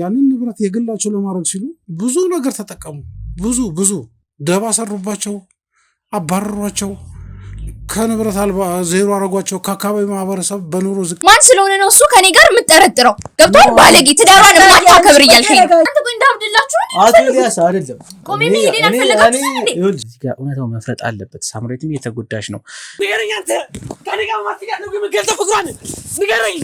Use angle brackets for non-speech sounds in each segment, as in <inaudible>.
ያንን ንብረት የግላቸው ለማድረግ ሲሉ ብዙ ነገር ተጠቀሙ። ብዙ ብዙ ደባ ሰሩባቸው፣ አባረሯቸው፣ ከንብረት አልባ ዜሮ አረጓቸው። ከአካባቢ ማህበረሰብ በኑሮ ዝቅ ማን ስለሆነ ነው እሱ ከኔ ጋር የምጠረጥረው ገብቷል። ባለጌ ትዳሯን ማታከብር እያልከኝ አንተ ግን እንዳብድላችሁ መፍረጥ አለበት። ሳምሬትም እየተጎዳች ነው። ንገረኝ አንተ ከኔ ጋር ማትያ ነው የምገልጠው ፍቅሯን ንገረኝ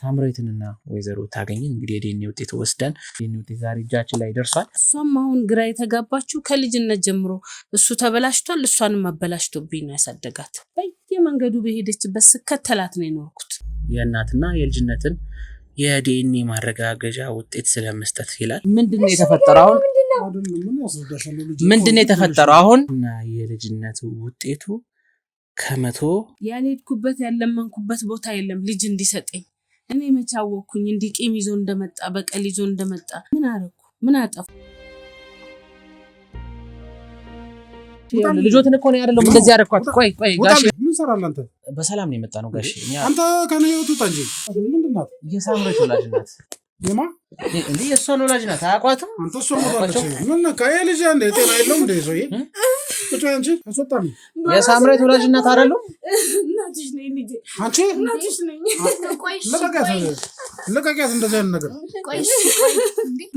ሳምራዊትንና ወይዘሮ ታገኝን እንግዲህ የዲኤንኤ ውጤት ወስደን ዲኤንኤ ውጤት ዛሬ እጃችን ላይ ደርሷል። እሷም አሁን ግራ የተጋባችው ከልጅነት ጀምሮ እሱ ተበላሽቷል፣ እሷንም አበላሽቶብኝ ነው ያሳደጋት። በየመንገዱ በሄደችበት ስከተላት ነው የኖርኩት። የእናትና የልጅነትን የዲኤንኤ ማረጋገዣ ውጤት ስለመስጠት ይላል። ምንድነው የተፈጠረው አሁን? ምንድነው የተፈጠረው አሁን? የልጅነት ውጤቱ ከመቶ ያልሄድኩበት ያለመንኩበት ቦታ የለም ልጅ እንዲሰጠኝ። እኔ መቼ አወቅኩኝ? እንዲህ ቂም ይዞ እንደመጣ በቀል ይዞ እንደመጣ ምን አረኩ? ምን አጠፉ? ልጆትን እኮ ነው እንደዚህ ያደረኳት። ቆይ ቆይ ጋሽ ምን ሰራለህ አንተ? በሰላም ነው የመጣ ነው ጋሽ። አንተ ከነ ህይወት ውጣ እንጂ ምንድን ናት? የሳምሬት ወላጅ ናት። የማ እንዴ? የእሷን ወላጅ ናት። አያውቋትም። አንተ እሷ ሞታለች። ምን ነካ ይሄ ልጅ? እንደ ጤና የለውም እንደ ሰውዬ ቁጭ አንቺ አስወጣሚ የሳምሬት ወላጅነት እናት እንደዚህ አይነት ነገር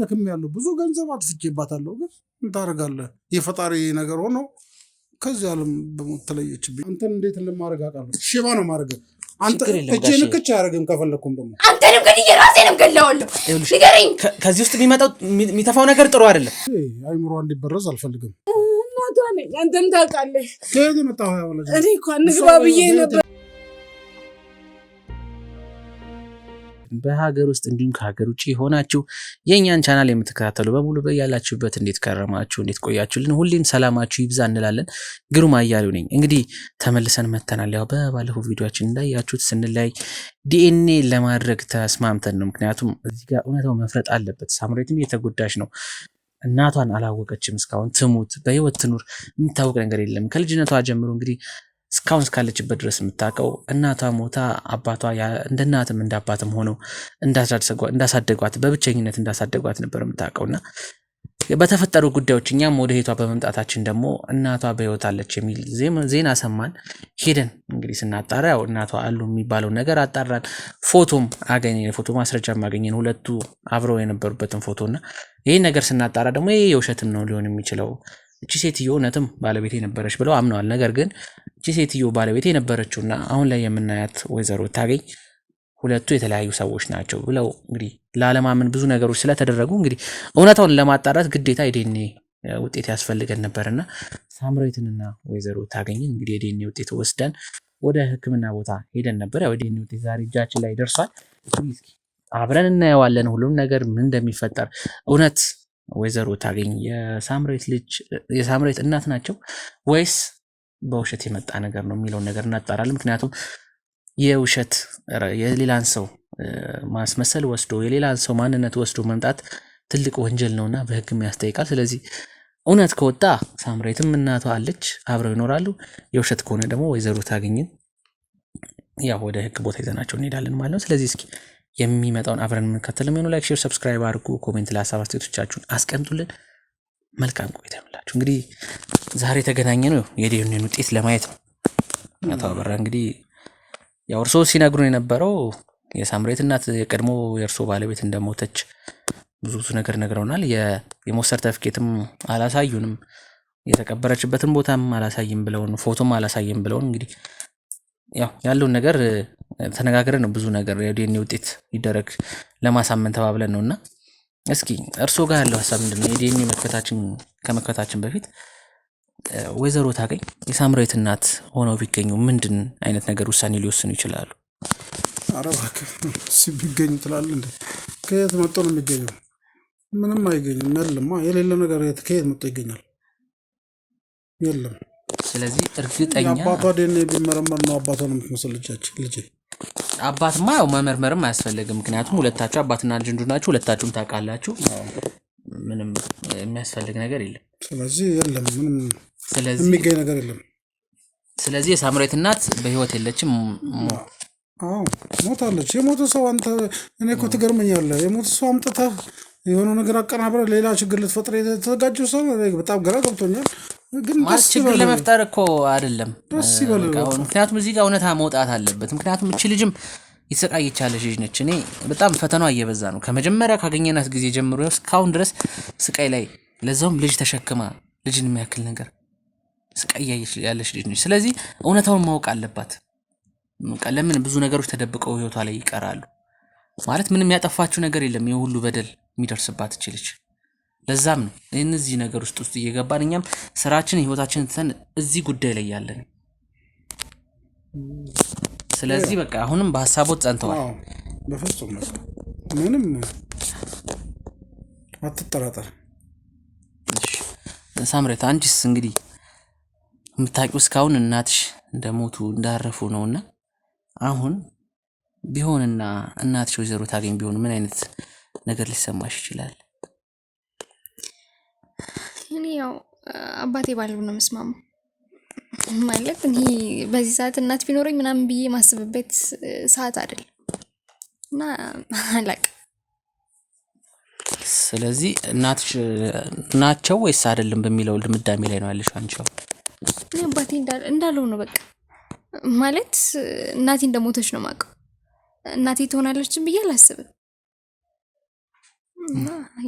ደክም ያለው ብዙ ገንዘብ አጥፍቼባታለሁ፣ ግን እንታደርጋለህ። የፈጣሪ ነገር ሆኖ ከዚህ ዓለም በሞት ተለየችብኝ። አንተን እንዴት ልማድረግ አውቃለሁ። ሽባ ነው ማድረግ እጄን ክች አያደርግም። ከፈለግኩም ደግሞ አንተንም ገድዬ ራሴንም ገለዋለሁ። ንገረኝ። ከዚህ ውስጥ የሚመጣው የሚተፋው ነገር ጥሩ አይደለም። አይምሮ እንዲበረዝ አልፈልግም። ጓደኛ ነኝ። አንተም ታውቃለህ። እኔ እኮ እንግባ ብዬ ነበር። በሀገር ውስጥ እንዲሁም ከሀገር ውጭ የሆናችሁ የእኛን ቻናል የምትከታተሉ በሙሉ በያላችሁበት እንዴት ከረማችሁ፣ እንዴት ቆያችሁልን? ሁሌም ሰላማችሁ ይብዛ እንላለን። ግሩም አያሌው ነኝ። እንግዲህ ተመልሰን መተናል። ያው በባለፈው ቪዲዮችን እንዳያችሁት ስንለያይ ዲኤንኤ ለማድረግ ተስማምተን ነው። ምክንያቱም እዚህ ጋር እውነታው መፍረጥ አለበት። ሳምሬትም እየተጎዳች ነው። እናቷን አላወቀችም። እስካሁን ትሙት በህይወት ትኑር የሚታወቅ ነገር የለም። ከልጅነቷ ጀምሮ እንግዲህ እስካሁን እስካለችበት ድረስ የምታውቀው እናቷ ሞታ አባቷ እንደ እናትም እንደ አባትም ሆነው እንዳሳደጓት በብቸኝነት እንዳሳደጓት ነበር የምታውቀውና በተፈጠሩ ጉዳዮች እኛም ወደ ሄቷ በመምጣታችን ደግሞ እናቷ በህይወት አለች የሚል ዜና ሰማን። ሄደን እንግዲህ ስናጣራ ያው እናቷ አሉ የሚባለው ነገር አጣራን። ፎቶም አገኘ የፎቶ ማስረጃም አገኘን፣ ሁለቱ አብረው የነበሩበትን ፎቶ እና ይህ ነገር ስናጣራ ደግሞ ይህ የውሸትም ነው ሊሆን የሚችለው እቺ ሴትዮ እውነትም ባለቤቴ ነበረች ብለው አምነዋል። ነገር ግን እቺ ሴትዮ ባለቤቴ የነበረችውና አሁን ላይ የምናያት ወይዘሮ ታገኝ ሁለቱ የተለያዩ ሰዎች ናቸው ብለው እንግዲህ ላለማመን ብዙ ነገሮች ስለተደረጉ እንግዲህ እውነታውን ለማጣራት ግዴታ የዴኔ ውጤት ያስፈልገን ነበርና ሳምሬትንና ወይዘሮ ታገኝ እንግዲህ የዴኔ ውጤት ወስደን ወደ ሕክምና ቦታ ሄደን ነበር። ያው የዴኔ ውጤት ዛሬ እጃችን ላይ ደርሷል። አብረን እናየዋለን ሁሉም ነገር ምን እንደሚፈጠር እውነት ወይዘሮ ታገኝ የሳምሬት ልጅ የሳምሬት እናት ናቸው ወይስ በውሸት የመጣ ነገር ነው የሚለውን ነገር እናጣራለን። ምክንያቱም የውሸት የሌላን ሰው ማስመሰል ወስዶ የሌላን ሰው ማንነት ወስዶ መምጣት ትልቅ ወንጀል ነውና በሕግም ያስጠይቃል። ስለዚህ እውነት ከወጣ ሳምሬትም እናቷ አለች አብረው ይኖራሉ። የውሸት ከሆነ ደግሞ ወይዘሮ ታገኝን ያ ወደ ህግ ቦታ ይዘናቸው እንሄዳለን ማለት ነው። ስለዚህ እስኪ የሚመጣውን አብረን የምንከተል የሚሆኑ ላይክ፣ ሼር፣ ሰብስክራይብ አድርጉ። ኮሜንት ላይ ሀሳብ አስቀምጡልን። መልካም ቆይታ ይሁንላችሁ። እንግዲህ ዛሬ የተገናኘ ነው የዲኤንኤን ውጤት ለማየት ነው። አቶ አበራ እንግዲህ ያው እርሶ ሲነግሩን የነበረው የሳምሬት እናት የቀድሞ የእርሶ ባለቤት እንደሞተች ብዙ ብዙ ነገር ነግረውናል። የሞት ሰርተፍኬትም አላሳዩንም፣ የተቀበረችበትን ቦታም አላሳይም ብለውን፣ ፎቶም አላሳይም ብለውን እንግዲህ ያው ያለውን ነገር ተነጋግረን ነው ብዙ ነገር የዲኤንኤ ውጤት ይደረግ ለማሳመን ተባብለን ነው እና እስኪ እርሶ ጋር ያለው ሀሳብ ምንድነው? የዲኤንኤ መክፈታችን ከመክፈታችን በፊት ወይዘሮ ታገኝ የሳምራዊት እናት ሆነው ቢገኙ ምንድን አይነት ነገር ውሳኔ ሊወስኑ ይችላሉ? ኧረ እባክህ ቢገኙ ትላለህ እንዴ? ከየት መጥቶ ነው የሚገኘው? ምንም አይገኝም። የለማ የሌለ ነገር ከየት መጥቶ ይገኛል? የለም። ስለዚህ እርግጠኛ አባቷ ዴኔ ቢመረመር ነው አባቷ ነው የምትመስል ልጃችን አባትማ ያው መመርመርም አያስፈልግም። ምክንያቱም ሁለታችሁ አባትና ልጅ ናችሁ፣ ሁለታችሁም ታውቃላችሁ። ምንም የሚያስፈልግ ነገር የለም። ስለዚህ የለም ምንም የሚገኝ ነገር የለም። ስለዚህ የሳምሬት እናት በህይወት የለችም። አዎ ሞታለች። የሞተ ሰው አንተ እኔ እኮ ትገርመኛለህ። የሞተ ሰው አምጥተህ የሆነ ነገር አቀናብረ ሌላ ችግር ልትፈጥር የተዘጋጀው ሰው በጣም ግራ ገብቶኛል። ግን ችግር ለመፍጠር እኮ አይደለም። ደስ ይበል። ምክንያቱም እዚህ ጋር እውነታ መውጣት አለበት። ምክንያቱም እቺ ልጅም የተሰቃየቻለች ልጅ ነች። እኔ በጣም ፈተኗ እየበዛ ነው። ከመጀመሪያ ካገኘናት ጊዜ ጀምሮ እስካሁን ድረስ ስቃይ ላይ፣ ለዛውም ልጅ ተሸክማ ልጅን የሚያክል ነገር ስቀያየች ያለች ልጅ ነች። ስለዚህ እውነታውን ማወቅ አለባት። ለምን ብዙ ነገሮች ተደብቀው ህይወቷ ላይ ይቀራሉ? ማለት ምንም ያጠፋችው ነገር የለም። ይህ ሁሉ በደል የሚደርስባት ችልች ለዛም ነው እነዚህ ነገር ውስጥ ውስጥ እየገባን እኛም ስራችን ህይወታችን ትተን እዚህ ጉዳይ ላይ ያለን። ስለዚህ በቃ አሁንም በሀሳቦት ጸንተዋል። በፍጹም ምንም አትጠራጠር። ሳምሬት አንቺስ እንግዲህ የምታውቂው እስካሁን እናትሽ እንደሞቱ እንዳረፉ ነው እና አሁን ቢሆንና እናትሽ ወይዘሮ ታገኝ ቢሆን ምን አይነት ነገር ሊሰማሽ ይችላል? እኔ ያው አባቴ ባለው ነው የምስማማው። ማለት እኔ በዚህ ሰዓት እናት ቢኖረኝ ምናምን ብዬ ማስብበት ሰዓት አይደለም እና አላቅ ስለዚህ እናትሽ ናቸው ወይስ አይደለም በሚለው ድምዳሜ ላይ ነው ያለሽው አንቺው? እኔ አባቴ እንዳለው ነው በቃ ማለት እናቴ እንደሞተች ነው የማውቀው። እናቴ ትሆናለችን ብዬ አላስብም።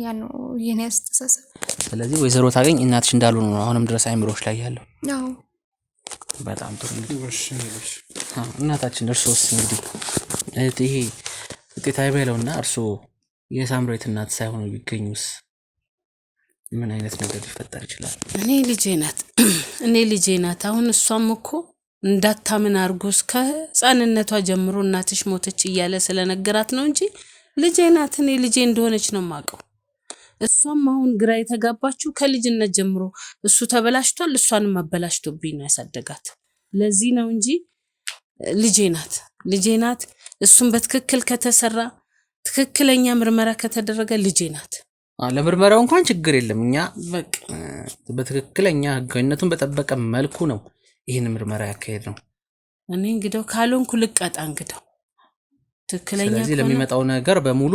ያ ነው የኔ አስተሳሰብ። ስለዚህ ወይዘሮ ታገኝ እናትሽ እንዳሉ ነው አሁንም ድረስ አይምሮች ላይ ያለው። አዎ በጣም ጥሩ እናታችን። እርሶስ እንግዲህ ይሄ ውጤት አይበለውና እርሶ የሳምራዊት እናት ሳይሆኑ ቢገኙስ? ምን አይነት ነገር ሊፈጠር ይችላል? እኔ ልጄ ናት፣ <clears throat> እኔ ልጄ ናት። አሁን እሷም እኮ እንዳታምን አድርጎ እስከ ሕፃንነቷ ጀምሮ እናትሽ ሞተች እያለ ስለነገራት ነው እንጂ ልጄ ናት፣ እኔ ልጄ እንደሆነች ነው የማውቀው። እሷም አሁን ግራ የተጋባችው ከልጅነት ጀምሮ እሱ ተበላሽቷል፣ እሷንም አበላሽቶብኝ ነው ያሳደጋት። ለዚህ ነው እንጂ ልጄ ናት፣ ልጄ ናት። እሱም በትክክል ከተሰራ ትክክለኛ ምርመራ ከተደረገ ልጄ ናት። ለምርመራው እንኳን ችግር የለም። እኛ በትክክለኛ ህጋዊነቱን በጠበቀ መልኩ ነው ይህን ምርመራ ያካሄድ ነው። እኔ እንግዲያው ካልሆንኩ ልቀጣ እንግደው ትክክለኛ። ስለዚህ ለሚመጣው ነገር በሙሉ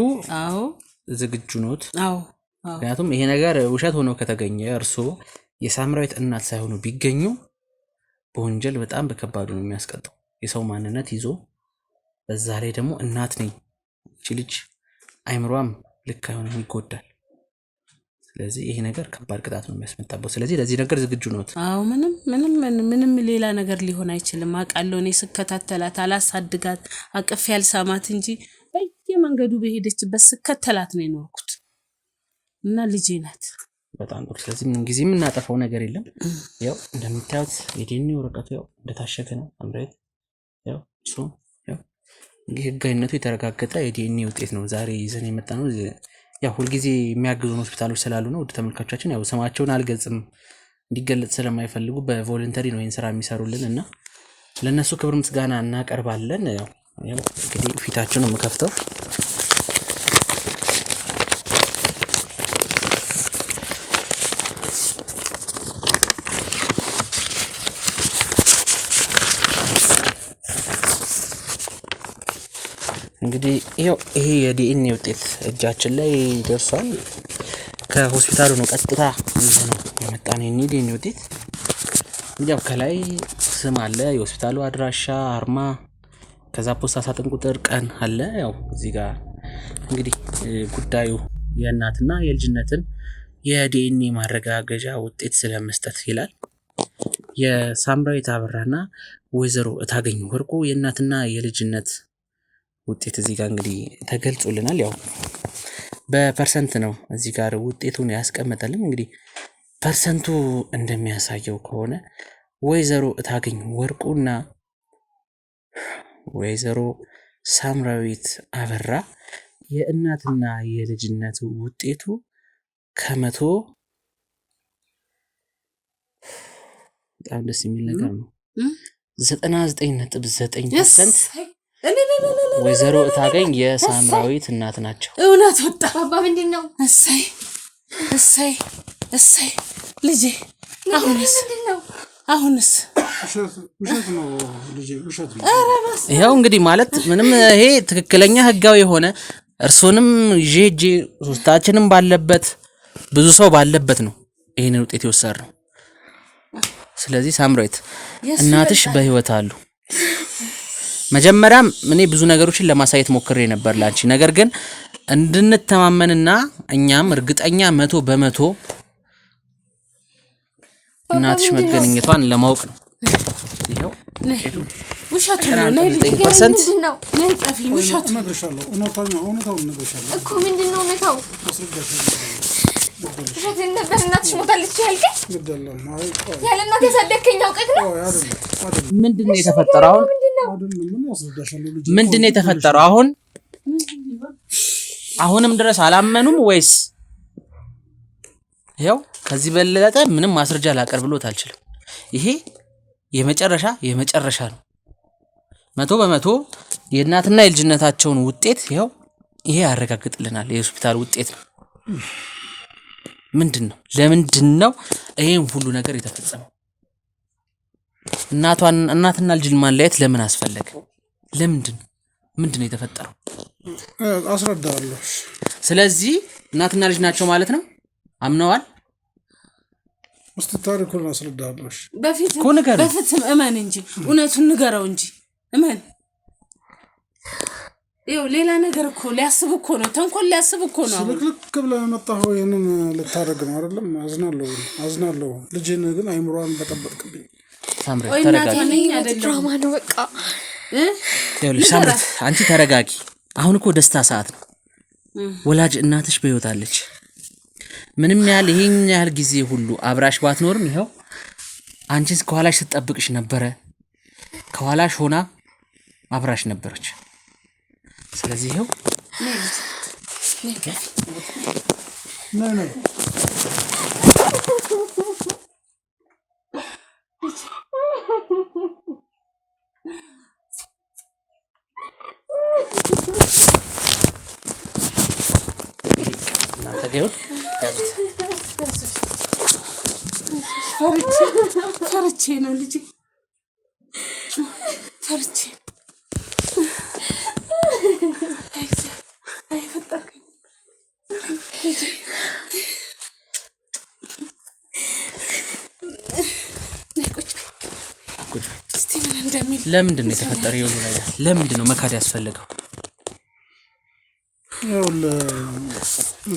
ዝግጁ ኖት? ምክንያቱም ይሄ ነገር ውሸት ሆኖ ከተገኘ እርስ የሳምራዊት እናት ሳይሆኑ ቢገኙ በወንጀል በጣም በከባዱ ነው የሚያስቀጠው የሰው ማንነት ይዞ በዛ ላይ ደግሞ እናት ነኝ ልጅ አይምሯም ልክ አይሆንም፣ ይጎዳል። ስለዚህ ይሄ ነገር ከባድ ቅጣት ነው የሚያስመጣበው። ስለዚህ ለዚህ ነገር ዝግጁ ነት? አዎ ምንም ምንም ምንም ሌላ ነገር ሊሆን አይችልም። አውቃለሁ። እኔ ስከታተላት አላሳድጋት አቅፍ ያልሳማት እንጂ በየመንገዱ በሄደችበት ስከተላት ነው የኖርኩት እና ልጄ ናት። በጣም ጥሩ። ስለዚህ ምን ጊዜ የምናጠፋው ነገር የለም። ያው እንደምታዩት የዴኒ ወረቀቱ ያው እንደታሸገ ነው። አምሬት ያው እሱ ያው እንግዲህ ህጋዊነቱ የተረጋገጠ የዴኒ ውጤት ነው ዛሬ ይዘን የመጣ ነው። ያው ሁልጊዜ የሚያግዙን ሆስፒታሎች ስላሉ ነው። ውድ ተመልካቻችን ያው ስማቸውን አልገልጽም እንዲገለጽ ስለማይፈልጉ በቮለንተሪ ነው ይህን ስራ የሚሰሩልን እና ለእነሱ ክብር ምስጋና እናቀርባለን። ያው እንግዲህ ፊታችን ነው የምከፍተው እንግዲህ ይኸው ይሄ የዲኤንኤ ውጤት እጃችን ላይ ደርሷል። ከሆስፒታሉ ነው ቀጥታ ይዘን ነው ነው ይህ ዲኤንኤ ውጤት እንግዲህ ያው ከላይ ስም አለ፣ የሆስፒታሉ አድራሻ፣ አርማ፣ ከዛ ፖስታ ሳጥን ቁጥር፣ ቀን አለ። ያው እዚህ ጋር እንግዲህ ጉዳዩ የእናትና የልጅነትን የዲኤንኤ ማረጋገዣ ውጤት ስለመስጠት ይላል። የሳምራዊት አበራና ወይዘሮ እታገኝ ወርቁ የእናትና የልጅነት ውጤት እዚህ ጋር እንግዲህ ተገልጾልናል። ያው በፐርሰንት ነው እዚህ ጋር ውጤቱን ያስቀመጠልን። እንግዲህ ፐርሰንቱ እንደሚያሳየው ከሆነ ወይዘሮ እታገኝ ወርቁና ወይዘሮ ሳምራዊት አበራ የእናትና የልጅነት ውጤቱ ከመቶ በጣም ደስ የሚል ነገር ነው ዘጠና ዘጠኝ ነጥብ ዘጠኝ ፐርሰንት ወይዘሮ እታገኝ የሳምራዊት እናት ናቸው። እውነት ወጣ። አባ ምንድን ነው? እሰይ እሰይ እሰይ ልጄ። አሁንስ አሁንስ ይኸው እንግዲህ ማለት ምንም ይሄ ትክክለኛ ህጋዊ የሆነ እርሱንም ይዤ ሂጄ ሶስታችንም ባለበት ብዙ ሰው ባለበት ነው ይህንን ውጤት የወሰድነው። ስለዚህ ሳምራዊት እናትሽ በህይወት አሉ። መጀመሪያም እኔ ብዙ ነገሮችን ለማሳየት ሞክሬ ነበር ላንቺ። ነገር ግን እንድንተማመንና እኛም እርግጠኛ መቶ በመቶ እናትሽ መገናኘቷን ለማወቅ ነው። ውሸቱ ነው። ውሸቴን የተፈጠረው? አሁን ምንድን ነው የተፈጠረው? አሁን አሁንም ድረስ አላመኑም ወይስ? ያው ከዚህ በለጠ ምንም ማስረጃ ላቀርብሎት አልችልም። ይሄ የመጨረሻ የመጨረሻ ነው። መቶ በመቶ የእናትና የልጅነታቸውን ውጤት ያው ይሄ ያረጋግጥልናል። የሆስፒታል ውጤት ነው። ምንድን ነው? ለምንድን ነው ይህም ሁሉ ነገር የተፈጸመው? እናትና ልጅን ማለያየት ለምን አስፈለገ? ለምንድን ነው? ምንድን ነው የተፈጠረው? አስረዳለሁ። ስለዚህ እናትና ልጅ ናቸው ማለት ነው። አምነዋል ውስጥ ታሪኩን አስረዳለሁ። በፊትም እመን እንጂ እውነቱን ንገረው እንጂ እመን ይኸው ሌላ ነገር እኮ ሊያስብ እኮ ነው፣ ተንኮል ሊያስብ እኮ ነው። ስልክልክ ብለህ የመጣኸው ይህንን ልታደርግ ነው አይደለም? አዝናለሁ፣ አዝናለሁ። ልጅን ግን አይምሯን በጠበጥክብኝ። አንቺ ተረጋጊ። አሁን እኮ ደስታ ሰዓት ነው። ወላጅ እናትሽ በሕይወት አለች። ምንም ያህል ይሄን ያህል ጊዜ ሁሉ አብራሽ ባትኖርም ይኸው አንቺን ከኋላሽ ስትጠብቅሽ ነበረ። ከኋላሽ ሆና አብራሽ ነበረች። ስለዚህ ይኸው ፈርቼ ነው ልጅ ለምንድን ነው የተፈጠረ? ይኸውልህ ነገር ለምንድን ነው መካድ ያስፈልገው?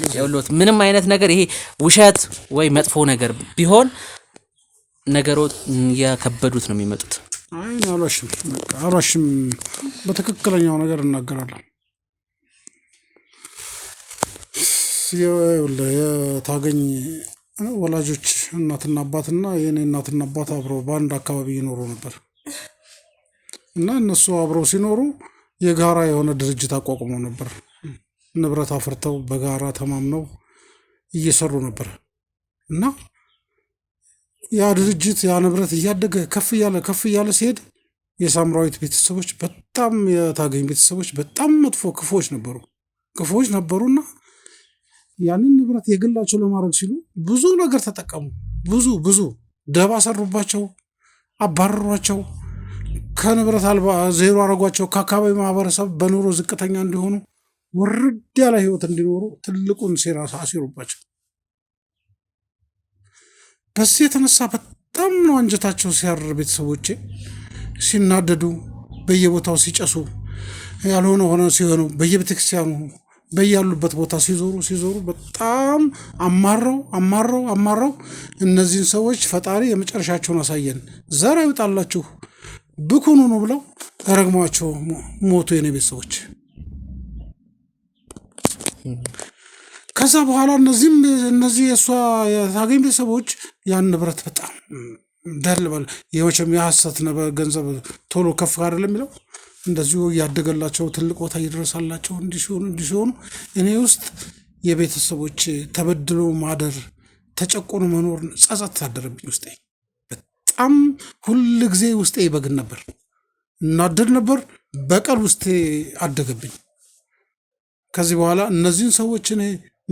ይኸውልህ ምንም አይነት ነገር ይሄ ውሸት ወይ መጥፎ ነገር ቢሆን ነገሮች እያከበዱት ነው የሚመጡት። አይ አልዋሽም፣ አልዋሽም በትክክለኛው ነገር እናገራለን። የታገኝ ወላጆች እናትና አባትና የኔ እናትና አባት አብረው በአንድ አካባቢ ይኖሩ ነበር። እና እነሱ አብረው ሲኖሩ የጋራ የሆነ ድርጅት አቋቁመው ነበር። ንብረት አፍርተው በጋራ ተማምነው እየሰሩ ነበር እና ያ ድርጅት ያ ንብረት እያደገ ከፍ እያለ ከፍ እያለ ሲሄድ የሳምራዊት ቤተሰቦች በጣም የታገኝ ቤተሰቦች በጣም መጥፎ ክፎች ነበሩ። ክፎች ነበሩና ያንን ንብረት የግላቸው ለማድረግ ሲሉ ብዙ ነገር ተጠቀሙ። ብዙ ብዙ ደባ ሰሩባቸው፣ አባረሯቸው። ከንብረት አልባ ዜሮ አድርጓቸው ከአካባቢ ማህበረሰብ በኑሮ ዝቅተኛ እንዲሆኑ ውርድ ያለ ህይወት እንዲኖሩ ትልቁን ሴራ አሲሩባቸው። በዚህ የተነሳ በጣም ነው አንጀታቸው ሲያር ቤተሰቦቼ ሲናደዱ፣ በየቦታው ሲጨሱ፣ ያልሆነ ሆነ ሲሆኑ፣ በየቤተክርስቲያኑ በያሉበት ቦታ ሲዞሩ ሲዞሩ በጣም አማረው አማረው አማረው እነዚህን ሰዎች ፈጣሪ የመጨረሻቸውን አሳየን፣ ዘር አይውጣላችሁ ብኩኑ ነው ብለው ተረግሟቸው ሞቱ የኔ ቤተሰቦች። ከዛ በኋላ እነዚህም እነዚህ የእሷ የታገኝ ቤተሰቦች ያን ንብረት በጣም ደል በል የመቼም የሀሰት ገንዘብ ቶሎ ከፍ አይደለም የሚለው እንደዚሁ እያደገላቸው ትልቅ ቦታ እየደረሳላቸው እንዲሲሆኑ እንዲሆኑ እኔ ውስጥ የቤተሰቦች ተበድሎ ማደር ተጨቆኖ መኖር ጸጸት ታደረብኝ ውስጤ በጣም ሁል ጊዜ ውስጤ ይበግን ነበር፣ እናደድ ነበር። በቀል ውስጤ አደገብኝ። ከዚህ በኋላ እነዚህን ሰዎች እኔ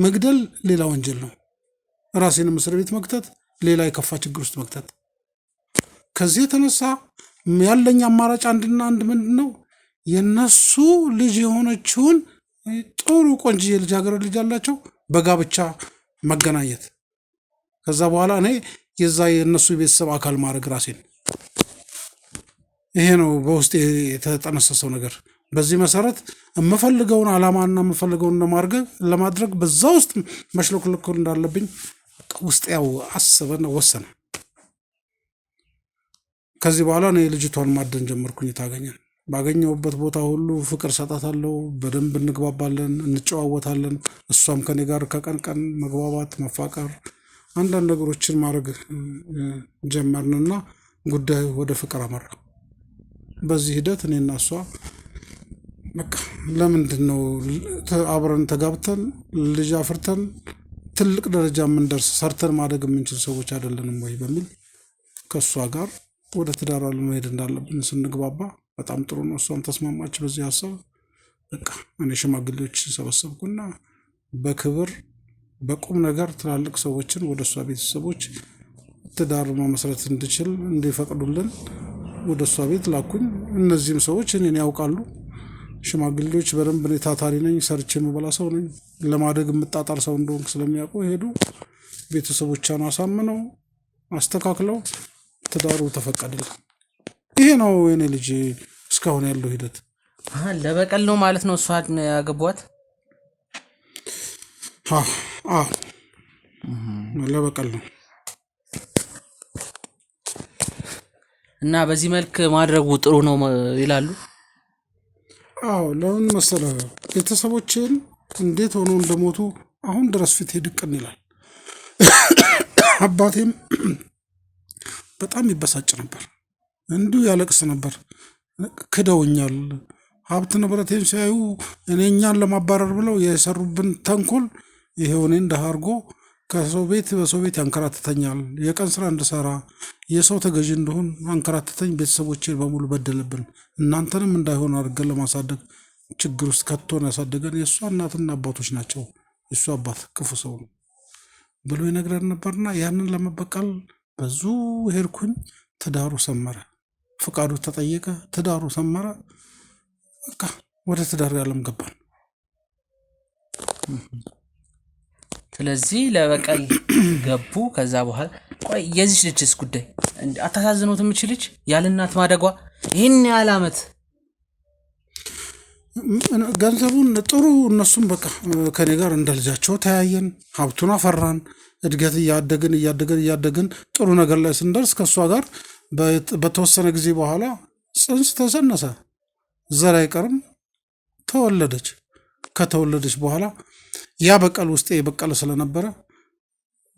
መግደል ሌላ ወንጀል ነው፣ ራሴንም እስር ቤት መክተት፣ ሌላ የከፋ ችግር ውስጥ መክተት። ከዚህ የተነሳ ያለኝ አማራጭ አንድና አንድ ምንድን ነው? የነሱ ልጅ የሆነችውን ጥሩ ቆንጅዬ ልጃገረድ ልጅ አላቸው፣ በጋብቻ መገናኘት። ከዛ በኋላ እኔ የዛ የእነሱ የቤተሰብ አካል ማድረግ ራሴን ይሄ ነው በውስጥ የተጠነሰሰው ነገር። በዚህ መሰረት የምፈልገውን አላማና የምፈልገውን ለማድረግ በዛ ውስጥ መሽለኮልኮል እንዳለብኝ ውስጥ ያው አሰበና ወሰነ። ከዚህ በኋላ እኔ ልጅቷን ማደን ጀመርኩኝ። ታገኘን ባገኘውበት ቦታ ሁሉ ፍቅር ሰጣታለሁ። በደንብ እንግባባለን፣ እንጨዋወታለን። እሷም ከኔ ጋር ከቀን ቀን መግባባት፣ መፋቀር አንዳንድ ነገሮችን ማድረግ ጀመርንና ጉዳዩ ወደ ፍቅር አመራ። በዚህ ሂደት እኔና እሷ በቃ ለምንድን ነው አብረን ተጋብተን ልጅ አፍርተን ትልቅ ደረጃ የምንደርስ ሰርተን ማደግ የምንችል ሰዎች አይደለንም ወይ በሚል ከእሷ ጋር ወደ ትዳር መሄድ እንዳለብን ስንግባባ በጣም ጥሩ ነው። እሷም ተስማማች በዚህ ሀሳብ። በቃ እኔ ሽማግሌዎች ሰበሰብኩና በክብር በቁም ነገር ትላልቅ ሰዎችን ወደ እሷ ቤተሰቦች ትዳር መመስረት እንድችል እንዲፈቅዱልን ወደ እሷ ቤት ላኩኝ። እነዚህም ሰዎች እኔን ያውቃሉ። ሽማግሌዎች በደንብ እኔ ታታሪ ነኝ፣ ሰርቼ የምበላ ሰው ነኝ፣ ለማደግ የምጣጣር ሰው እንደሆንክ ስለሚያውቁ ሄዱ። ቤተሰቦቿን አሳምነው አስተካክለው ትዳሩ ተፈቀደልን። ይሄ ነው የኔ ልጅ እስካሁን ያለው ሂደት። ለበቀል ነው ማለት ነው እሷ ያገቧት አዎ ለበቀል ነው። እና በዚህ መልክ ማድረጉ ጥሩ ነው ይላሉ። አዎ ለምን መሰለ ቤተሰቦችን እንዴት ሆነው እንደሞቱ አሁን ድረስ ፊት ድቅን ይላል። አባቴም በጣም ይበሳጭ ነበር፣ እንዲሁ ያለቅስ ነበር። ክደውኛል፣ ሀብት ንብረቴን ሲያዩ እኔ እኛን ለማባረር ብለው የሰሩብን ተንኮል ይሄውን እኔ አድርጎ ከሰው ቤት በሰው ቤት ያንከራትተኛል። የቀን ስራ እንድሰራ የሰው ተገዥ እንደሆን አንከራትተኝ፣ ቤተሰቦችን በሙሉ በደለብን። እናንተንም እንዳይሆን አድርገን ለማሳደግ ችግር ውስጥ ከቶን ያሳደገን የእሷ እናትና አባቶች ናቸው። የእሱ አባት ክፉ ሰው ነው ብሎ ይነግረን ነበርና ያንን ለመበቀል ብዙ ሄድኩኝ። ትዳሩ ሰመረ፣ ፍቃዱ ተጠየቀ፣ ትዳሩ ሰመረ። በቃ ወደ ትዳሩ ያለም ገባን። ስለዚህ ለበቀል ገቡ። ከዛ በኋላ ቆይ የዚች ልጅስ ጉዳይ አታሳዝኖት? የምችል ልጅ ያለ እናት ማደጓ ይህን ያህል አመት ገንዘቡን ጥሩ እነሱም በቃ ከኔ ጋር እንደልጃቸው ተያየን፣ ሀብቱን አፈራን፣ እድገት እያደግን እያደግን እያደግን ጥሩ ነገር ላይ ስንደርስ ከእሷ ጋር በተወሰነ ጊዜ በኋላ ጽንስ ተሰነሰ ዘር አይቀርም፣ ተወለደች። ከተወለደች በኋላ ያ በቀል ውስጤ የበቀለ ስለነበረ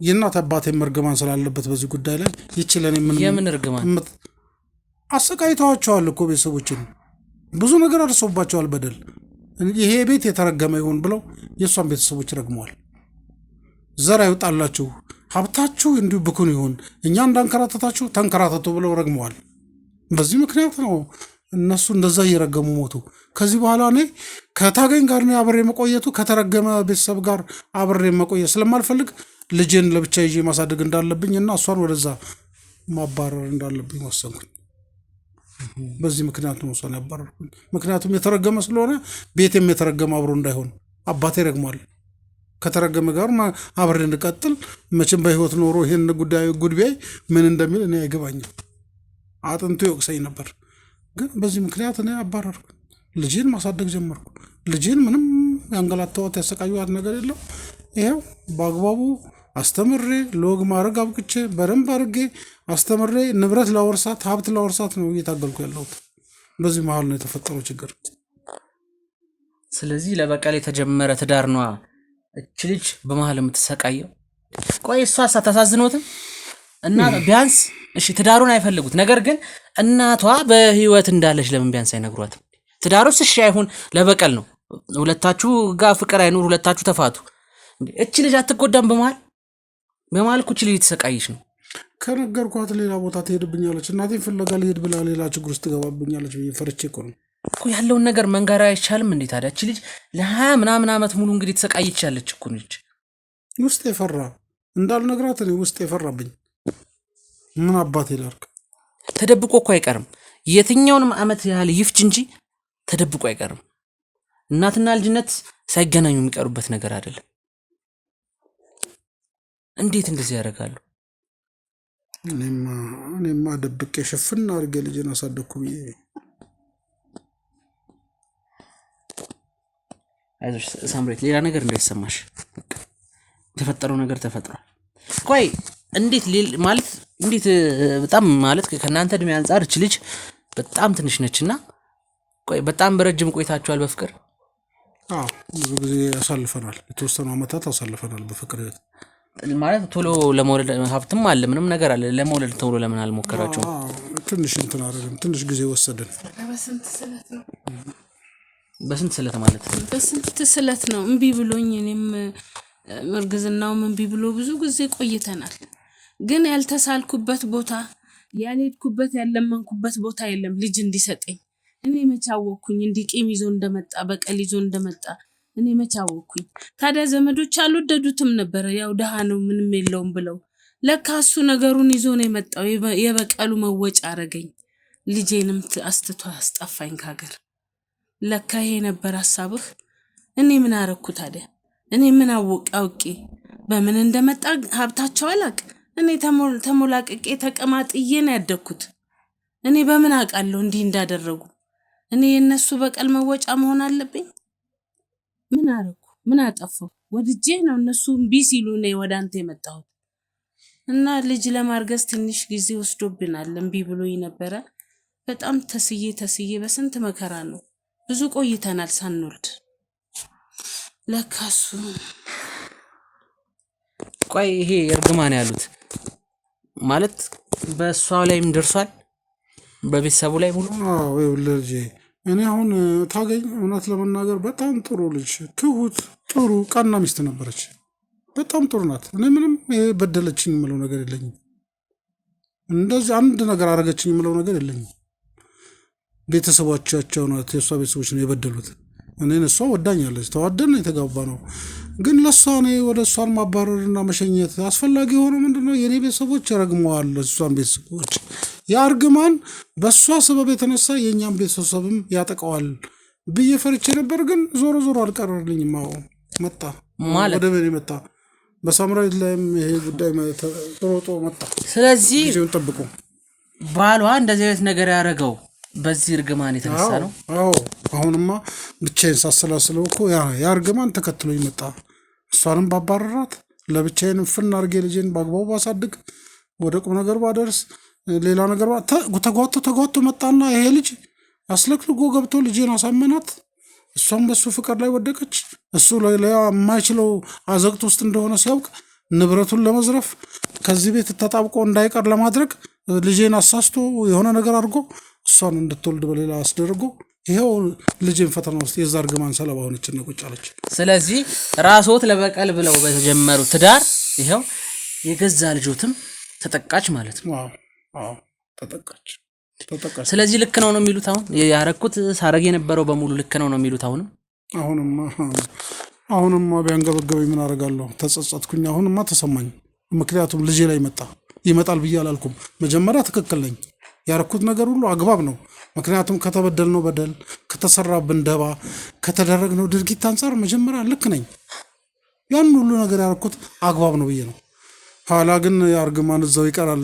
የእናት አባቴም እርግማን ስላለበት በዚህ ጉዳይ ላይ ይችለን እርግማን አሰቃይተዋቸዋል እኮ ቤተሰቦችን ብዙ ነገር አድርሶባቸዋል። በደል ይሄ ቤት የተረገመ ይሆን ብለው የእሷን ቤተሰቦች ረግመዋል። ዘር አይውጣላችሁ፣ ሀብታችሁ እንዲሁ ብኩን ይሆን፣ እኛ እንዳንከራተታችሁ ተንከራተቱ ብለው ረግመዋል። በዚህ ምክንያት ነው እነሱ እንደዛ እየረገሙ ሞቱ። ከዚህ በኋላ እኔ ከታገኝ ጋር ነው አብሬ መቆየቱ ከተረገመ ቤተሰብ ጋር አብሬ መቆየት ስለማልፈልግ ልጅን ለብቻ ይዤ ማሳደግ እንዳለብኝ እና እሷን ወደዛ ማባረር እንዳለብኝ ወሰንኩኝ። በዚህ ምክንያት ነው እሷን ያባረርኩኝ። ምክንያቱም የተረገመ ስለሆነ ቤቴም የተረገመ አብሮ እንዳይሆን አባቴ ረግሟል። ከተረገመ ጋር አብሬ እንቀጥል መቼም በህይወት ኖሮ ይህን ጉዳይ ጉድቤ ምን እንደሚል እኔ አይገባኝም። አጥንቱ ይወቅሰኝ ነበር፣ ግን በዚህ ምክንያት እኔ አባረርኩኝ። ልጅን ማሳደግ ጀመርኩ። ልጅን ምንም ያንገላታዋት ያሰቃዩት ነገር የለም። ይኸው በአግባቡ አስተምሬ ሎግ ማድረግ አብቅቼ በደንብ አድርጌ አስተምሬ ንብረት ላወርሳት፣ ሀብት ላወርሳት ነው እየታገልኩ ያለሁት። በዚህ መሀል ነው የተፈጠረው ችግር። ስለዚህ ለበቀል የተጀመረ ትዳር ነዋ እች ልጅ በመሀል የምትሰቃየው። ቆይ እሷ ሳታሳዝኖትም እና ቢያንስ እሺ ትዳሩን አይፈልጉት፣ ነገር ግን እናቷ በህይወት እንዳለች ለምን ቢያንስ አይነግሯትም? ትዳሮች እሺ አይሁን ለበቀል ነው። ሁለታችሁ ጋር ፍቅር አይኑር፣ ሁለታችሁ ተፋቱ። እች ልጅ አትጎዳም። በመሀል በመሀል እኮ እች ልጅ ተሰቃይሽ ነው። ከነገርኳት ሌላ ቦታ ትሄድብኛለች፣ እናቴን ፍለጋ ልሄድ ብላ ሌላ ችግር ውስጥ ትገባብኛለች ብዬ ፈርቼ እኮ ነው እኮ ያለውን ነገር መንገር አይቻልም እንዴት ታዲያ እች ልጅ ለሀያ ምናምን ዓመት ሙሉ እንግዲህ ተሰቃየች ያለች እኮ ነች። ውስጥ የፈራ እንዳልነግራት እኔ ውስጥ የፈራብኝ ምን አባት ይላርግ። ተደብቆ እኮ አይቀርም የትኛውንም ዓመት ያህል ይፍች እንጂ ተደብቆ አይቀርም። እናትና ልጅነት ሳይገናኙ የሚቀሩበት ነገር አይደለም። እንዴት እንደዚህ ያደርጋሉ? እኔማ ደብቄ የሸፍን አድርጌ ልጅን አሳደግኩ ብዬ ሳምሬት፣ ሌላ ነገር እንዳይሰማሽ የተፈጠረው ነገር ተፈጥሯል። ቆይ እንዴት ማለት እንዴት በጣም ማለት ከእናንተ እድሜ አንጻር እች ልጅ በጣም ትንሽ ነችና ቆይ በጣም በረጅም ቆይታችኋል በፍቅር? ብዙ ጊዜ አሳልፈናል። የተወሰኑ ዓመታት አሳልፈናል በፍቅር ህይወት። ማለት ቶሎ ለመውለድ ሀብትም አለ ምንም ነገር አለ። ለመውለድ ተብሎ ለምን አልሞከራችሁም? ትንሽ እንትን አደረግን። ትንሽ ጊዜ ወሰድን። በስንት ስለት ማለት በስንት ስለት ነው? እምቢ ብሎኝ እኔም እርግዝናውም እምቢ ብሎ ብዙ ጊዜ ቆይተናል። ግን ያልተሳልኩበት ቦታ ያልሄድኩበት ያለመንኩበት ቦታ የለም ልጅ እንዲሰጠኝ እኔ መቼ አወቅኩኝ? እንዲህ ቂም ይዞ እንደመጣ በቀል ይዞ እንደመጣ እኔ መቼ አወቅኩኝ? ታዲያ ዘመዶች አልወደዱትም ነበረ። ያው ድሃ ነው ምንም የለውም ብለው ለካ እሱ ነገሩን ይዞ ነው የመጣው። የበቀሉ መወጫ አረገኝ። ልጄንም አስትቶ አስጠፋኝ ከሀገር። ለካ ይሄ ነበር ሀሳብህ። እኔ ምን አረግኩ ታዲያ? እኔ ምን አወቅ አውቄ በምን እንደመጣ ሀብታቸው አላቅ። እኔ ተሞላቅቄ ተቀማጥዬ ነው ያደግኩት። እኔ በምን አውቃለሁ እንዲህ እንዳደረጉ እኔ የእነሱ በቀል መወጫ መሆን አለብኝ? ምን አረኩ? ምን አጠፋሁ? ወድጄ ነው እነሱ እምቢ ሲሉ ነው ወደ አንተ የመጣሁት። እና ልጅ ለማርገዝ ትንሽ ጊዜ ወስዶብናል። እምቢ ብሎ ነበረ። በጣም ተስዬ ተስዬ በስንት መከራ ነው ብዙ ቆይተናል ሳንወልድ። ለካሱ ቆይ ይሄ እርግማን ያሉት ማለት በእሷ ላይም ደርሷል፣ በቤተሰቡ ላይ ሙሉ ልጅ እኔ አሁን ታገኝ እውነት ለመናገር በጣም ጥሩ ልጅ፣ ትሁት፣ ጥሩ ቀና ሚስት ነበረች። በጣም ጥሩ ናት። እኔ ምንም በደለችኝ የምለው ነገር የለኝም። እንደዚህ አንድ ነገር አረገችኝ የምለው ነገር የለኝም። ቤተሰቦቻቸው ናት የእሷ ቤተሰቦች ነው የበደሉት። እኔን እሷ ወዳኛለች፣ ተዋደን የተጋባ ነው። ግን ለሷ እኔ ወደ እሷን ማባረርና መሸኘት አስፈላጊ የሆነ ምንድነው? የእኔ ቤተሰቦች ረግመዋል እሷን ቤተሰቦች። የአርግማን በእሷ ሰበብ የተነሳ የእኛም ቤተሰብም ያጠቀዋል ብዬ ፈርቼ ነበር። ግን ዞሮ ዞሮ አልቀረልኝም። አዎ መጣ፣ ወደ እኔ መጣ። በሳምራዊት ላይም ይሄ ጉዳይ ሮጦ መጣ። ስለዚህ ጠብቁ ባሏ እንደዚህ አይነት ነገር ያደረገው በዚህ እርግማን የተነሳ ነው። አዎ አሁንማ ብቻዬን ሳሰላስለው እኮ ያ እርግማን ተከትሎ ይመጣ። እሷንም ባባረራት፣ ለብቻዬን ፍና አርጌ ልጄን በአግባቡ ባሳድግ፣ ወደ ቁም ነገር ባደርስ፣ ሌላ ነገር ተጓቶ ተጓቶ መጣና ይሄ ልጅ አስለክልጎ ገብቶ ልጄን አሳመናት። እሷም በሱ ፍቅር ላይ ወደቀች። እሱ ሌላ የማይችለው አዘቅት ውስጥ እንደሆነ ሲያውቅ ንብረቱን ለመዝረፍ ከዚህ ቤት ተጣብቆ እንዳይቀር ለማድረግ ልጄን አሳስቶ የሆነ ነገር አድርጎ እሷን እንድትወልድ በሌላ አስደርጎ ይኸው ልጅን ፈተና ውስጥ የዛ እርግማን ሰለባ ሆነች እና ስለዚህ ራስዎት ለበቀል ብለው በተጀመሩ ትዳር ይኸው የገዛ ልጆትም ተጠቃች ማለት ነው። ተጠቃች ተጠቃች። ስለዚህ ልክ ነው ነው የሚሉት አሁን ያረግኩት ሳረግ የነበረው በሙሉ ልክ ነው ነው የሚሉት አሁንም አሁንማ አሁንማ ቢያንገበገበኝ ምን አደርጋለሁ? ተጸጸትኩኝ። አሁንማ ተሰማኝ። ምክንያቱም ልጄ ላይ መጣ ይመጣል ብዬ አላልኩም። መጀመሪያ ትክክል ነኝ ያረኩት ነገር ሁሉ አግባብ ነው። ምክንያቱም ከተበደልነው በደል፣ ከተሰራብን ደባ፣ ከተደረግነው ድርጊት አንጻር መጀመሪያ ልክ ነኝ። ያን ሁሉ ነገር ያረኩት አግባብ ነው ብዬ ነው። ኋላ ግን አርግማን እዛው ይቀራል፣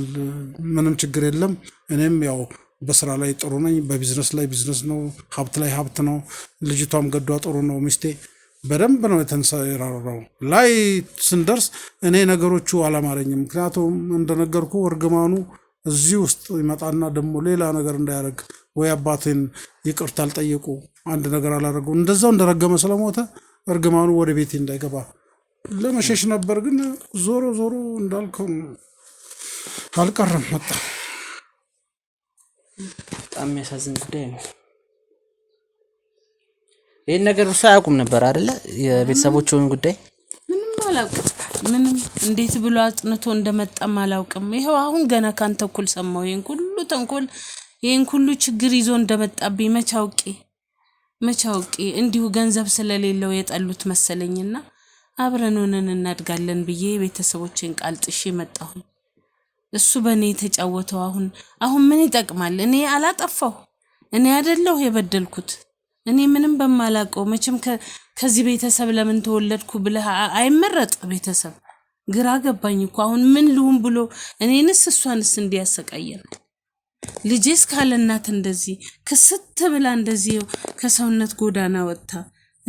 ምንም ችግር የለም። እኔም ያው በስራ ላይ ጥሩ ነኝ፣ በቢዝነስ ላይ ቢዝነስ ነው፣ ሀብት ላይ ሀብት ነው። ልጅቷም ገዷ ጥሩ ነው፣ ሚስቴ በደንብ ነው የተንሰራራው። ላይ ስንደርስ እኔ ነገሮቹ አላማረኝም። ምክንያቱም እንደነገርኩ እርግማኑ እዚህ ውስጥ ይመጣና ደግሞ ሌላ ነገር እንዳያደርግ ወይ አባቴን ይቅርታ አልጠየቁ አንድ ነገር አላደረጉ እንደዛው እንደረገመ ስለሞተ እርግማኑ ወደ ቤቴ እንዳይገባ ለመሸሽ ነበር። ግን ዞሮ ዞሮ እንዳልከው አልቀረም መጣ። በጣም የሚያሳዝን ጉዳይ ነው። ይህን ነገር እሱ አያውቁም ነበር አይደለ? የቤተሰቦችን ጉዳይ አላውቅም። ምንም እንዴት ብሎ አጥንቶ እንደመጣም አላውቅም። ይኸው አሁን ገና ካንተ እኩል ሰማው። ይህን ሁሉ ተንኮል፣ ይህን ሁሉ ችግር ይዞ እንደመጣብኝ መቼ አውቄ መቼ አውቄ። እንዲሁ ገንዘብ ስለሌለው የጠሉት መሰለኝና አብረን ሆነን እናድጋለን ብዬ ቤተሰቦችን ቃል ጥሼ መጣሁኝ። እሱ በእኔ የተጫወተው አሁን አሁን ምን ይጠቅማል? እኔ አላጠፋሁ። እኔ አይደለሁ የበደልኩት። እኔ ምንም በማላውቀው መቼም ከዚህ ቤተሰብ ለምን ተወለድኩ ብለህ አይመረጥ። ቤተሰብ ግራ ገባኝ እኮ አሁን ምን ልሁን ብሎ እኔንስ እሷንስ እንዲያሰቃየን ልጄ እስካለ እናት እንደዚህ ክስት ብላ እንደዚህ ከሰውነት ጎዳና ወጥታ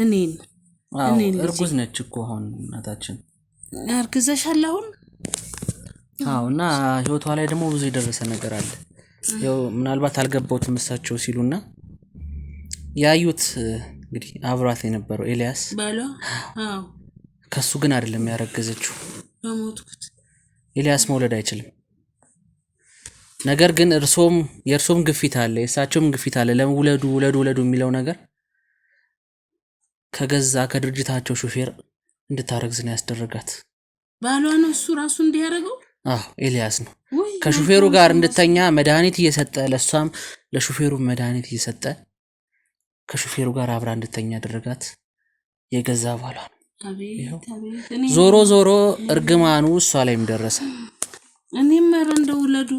እኔን እርጉዝ ነች እኮ አሁን እናታችን እርግዘሻል አሁን እና ህይወቷ ላይ ደግሞ ብዙ የደረሰ ነገር አለ። ምናልባት አልገባሁትም እሳቸው ሲሉና ያዩት እንግዲህ አብሯት የነበረው ኤልያስ ከሱ ግን አይደለም ያረገዘችው። ኤልያስ መውለድ አይችልም። ነገር ግን እርሶም የእርሶም ግፊት አለ፣ የእሳቸውም ግፊት አለ። ለውለዱ ውለዱ ውለዱ የሚለው ነገር ከገዛ ከድርጅታቸው ሹፌር እንድታረግዝ ነው ያስደረጋት። ባሏ ነው እሱ ራሱ እንዲያደርገው። ኤልያስ ነው። ከሹፌሩ ጋር እንድተኛ መድኃኒት እየሰጠ ለእሷም ለሹፌሩ መድኃኒት እየሰጠ ከሹፌሩ ጋር አብራ እንድተኛ ያደረጋት የገዛ ባሏ ነው። ዞሮ ዞሮ እርግማኑ እሷ ላይም ደረሰ። እኔም ኧረ እንደ ውለዱ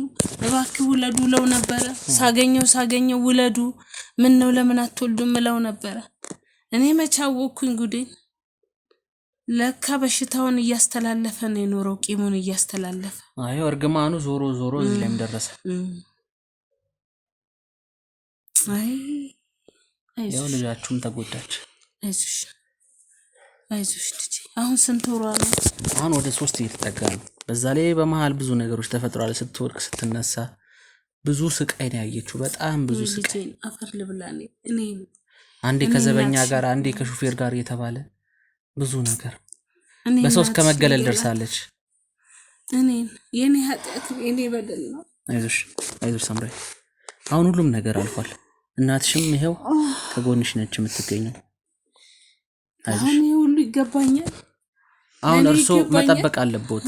እባክህ ውለዱ ለው ነበረ። ሳገኘው ሳገኘው ውለዱ ምን ነው ለምን አትወልዱም እለው ነበረ። እኔ መቻወኩኝ ጉዴን። ለካ በሽታውን እያስተላለፈ ነው የኖረው፣ ቂሙን እያስተላለፈ። አይ እርግማኑ ዞሮ ዞሮ እዚህ ላይም ደረሰ። አይ ያው ልጃችሁም ተጎዳች። አይዞሽ አይዞሽ ልጄ። አሁን ስንት ወሯ ነው? አሁን ወደ ሶስት እየተጠጋ ነው። በዛ ላይ በመሀል ብዙ ነገሮች ተፈጥሯል። ስትወድቅ ስትነሳ ብዙ ስቃይ ነው ያየችው። በጣም ብዙ ስቃይ አፈር ልብላ። አንዴ ከዘበኛ ጋር አንዴ ከሹፌር ጋር እየተባለ ብዙ ነገር በሶስት ከመገለል ደርሳለች። እኔን የኔ ኃጢአት የኔ በደል ነው። አይዞሽ አይዞሽ ሳምራይ፣ አሁን ሁሉም ነገር አልፏል። እናትሽም ይሄው ከጎንሽ ነች የምትገኘው። አሁን ሁሉ ይገባኛል። አሁን እርሶ መጠበቅ አለቦት፣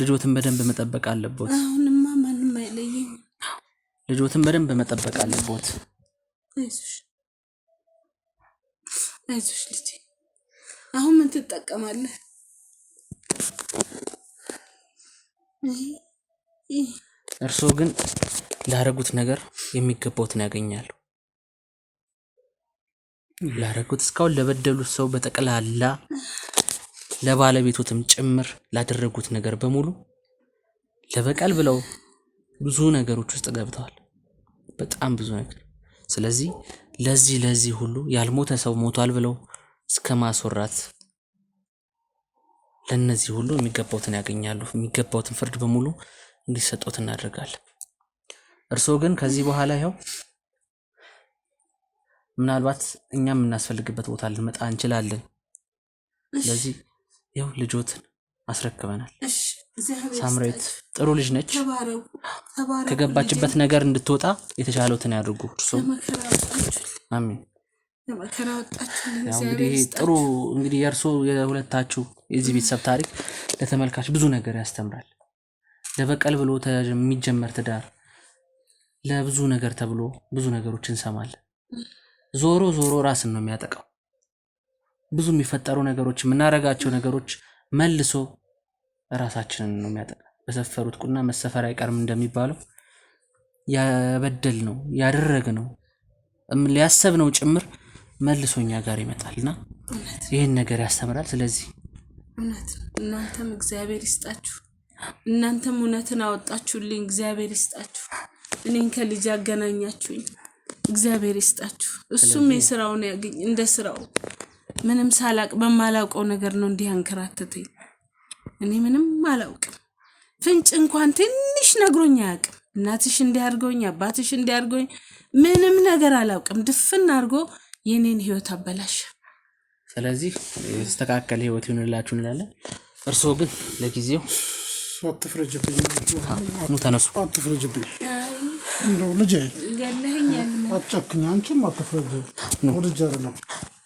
ልጆትን በደንብ መጠበቅ አለቦት። አሁንማ ማንም አይለየኝ። ልጆትን በደንብ መጠበቅ አለቦት። አይዞሽ ልጄ። አሁን ምን ትጠቀማለህ? እርስዎ ግን ላደረጉት ነገር የሚገባውትን ያገኛሉ። ላረጉት እስካሁን ለበደሉት ሰው በጠቅላላ ለባለቤቶትም ጭምር ላደረጉት ነገር በሙሉ ለበቀል ብለው ብዙ ነገሮች ውስጥ ገብተዋል። በጣም ብዙ ነገር። ስለዚህ ለዚህ ለዚህ ሁሉ ያልሞተ ሰው ሞቷል ብለው እስከ ማስወራት ለእነዚህ ሁሉ የሚገባውትን ያገኛሉ። የሚገባውትን ፍርድ በሙሉ እንዲሰጡት እናደርጋለን። እርስዎ ግን ከዚህ በኋላ ይኸው ምናልባት እኛ የምናስፈልግበት ቦታ ልንመጣ እንችላለን። ስለዚህ ይኸው ልጆትን አስረክበናል። ሳምራዊት ጥሩ ልጅ ነች። ከገባችበት ነገር እንድትወጣ የተሻለትን ያድርጉ። እንግዲህ ጥሩ እንግዲህ የእርሶ የሁለታችሁ የዚህ ቤተሰብ ታሪክ ለተመልካች ብዙ ነገር ያስተምራል። ለበቀል ብሎ የሚጀመር ትዳር ለብዙ ነገር ተብሎ ብዙ ነገሮች እንሰማለን። ዞሮ ዞሮ ራስን ነው የሚያጠቃው። ብዙ የሚፈጠሩ ነገሮች፣ የምናደርጋቸው ነገሮች መልሶ ራሳችንን ነው የሚያጠቃ። በሰፈሩት ቁና መሰፈር አይቀርም እንደሚባለው ያበደል ነው ያደረግ ነው ሊያሰብ ነው ጭምር መልሶ እኛ ጋር ይመጣል እና ይህን ነገር ያስተምራል። ስለዚህ እውነት እናንተም እግዚአብሔር ይስጣችሁ፣ እናንተም እውነትን አወጣችሁልኝ። እግዚአብሔር ይስጣችሁ፣ እኔን ከልጅ አገናኛችሁኝ። እግዚአብሔር ይስጣችሁ። እሱም የስራውን ያገኝ እንደ ስራው። ምንም ሳላቅ በማላውቀው ነገር ነው እንዲህ አንከራተተኝ። እኔ ምንም አላውቅም። ፍንጭ እንኳን ትንሽ ነግሮኝ አያውቅም። እናትሽ እንዲያርገኝ አባትሽ እንዲያርገኝ ምንም ነገር አላውቅም። ድፍን አድርጎ የኔን ህይወት አበላሸ። ስለዚህ የተስተካከለ ህይወት ይሆንላችሁ እንላለን። እርስዎ ግን ለጊዜው አትፍረጅብኝ፣ ተነሱ፣ አትፍረጅብኝ። እንደው ልጄ አትጨክኝ፣ አንቺም አትፍረጂ። ልጅ ነው